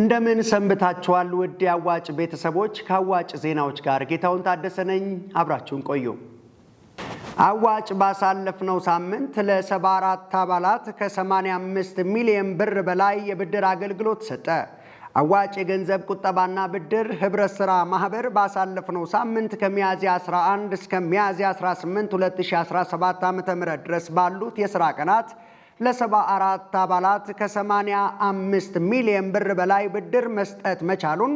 እንደምን ሰንብታችኋል? ውድ የአዋጭ ቤተሰቦች፣ ከአዋጭ ዜናዎች ጋር ጌታውን ታደሰ ነኝ። አብራችሁን ቆዩ። አዋጭ ባሳለፍነው ሳምንት ለ74 አባላት ከ85 ሚሊዮን ብር በላይ የብድር አገልግሎት ሰጠ። አዋጭ የገንዘብ ቁጠባና ብድር ህብረት ሥራ ማህበር ባሳለፍነው ሳምንት ከሚያዝያ 11 እስከ ሚያዝያ 18 2017 ም ድረስ ባሉት የሥራ ቀናት ለሰባ አራት አባላት ከሰማንያ አምስት ሚሊየን ብር በላይ ብድር መስጠት መቻሉን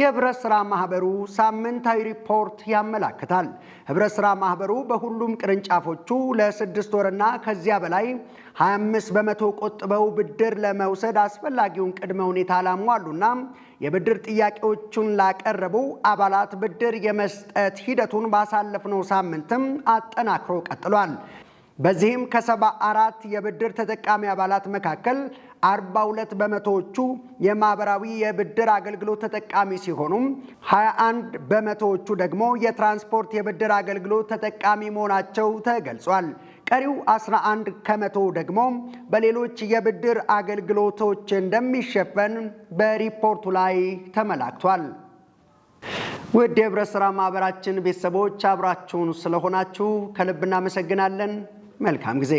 የህብረት ሥራ ማኅበሩ ሳምንታዊ ሪፖርት ያመላክታል። ህብረት ሥራ ማኅበሩ በሁሉም ቅርንጫፎቹ ለስድስት ወርና ከዚያ በላይ 25 በመቶ ቆጥበው ብድር ለመውሰድ አስፈላጊውን ቅድመ ሁኔታ ላሟሉና የብድር ጥያቄዎቹን ላቀረቡ አባላት ብድር የመስጠት ሂደቱን ባሳለፍነው ሳምንትም አጠናክሮ ቀጥሏል። በዚህም ከሰባ አራት የብድር ተጠቃሚ አባላት መካከል 42 በመቶዎቹ የማህበራዊ የብድር አገልግሎት ተጠቃሚ ሲሆኑም 21 በመቶዎቹ ደግሞ የትራንስፖርት የብድር አገልግሎት ተጠቃሚ መሆናቸው ተገልጿል። ቀሪው 11 ከመቶ ደግሞ በሌሎች የብድር አገልግሎቶች እንደሚሸፈን በሪፖርቱ ላይ ተመላክቷል። ውድ የህብረት ማህበራችን ቤተሰቦች አብራችሁን ስለሆናችሁ ከልብ እናመሰግናለን። መልካም ጊዜ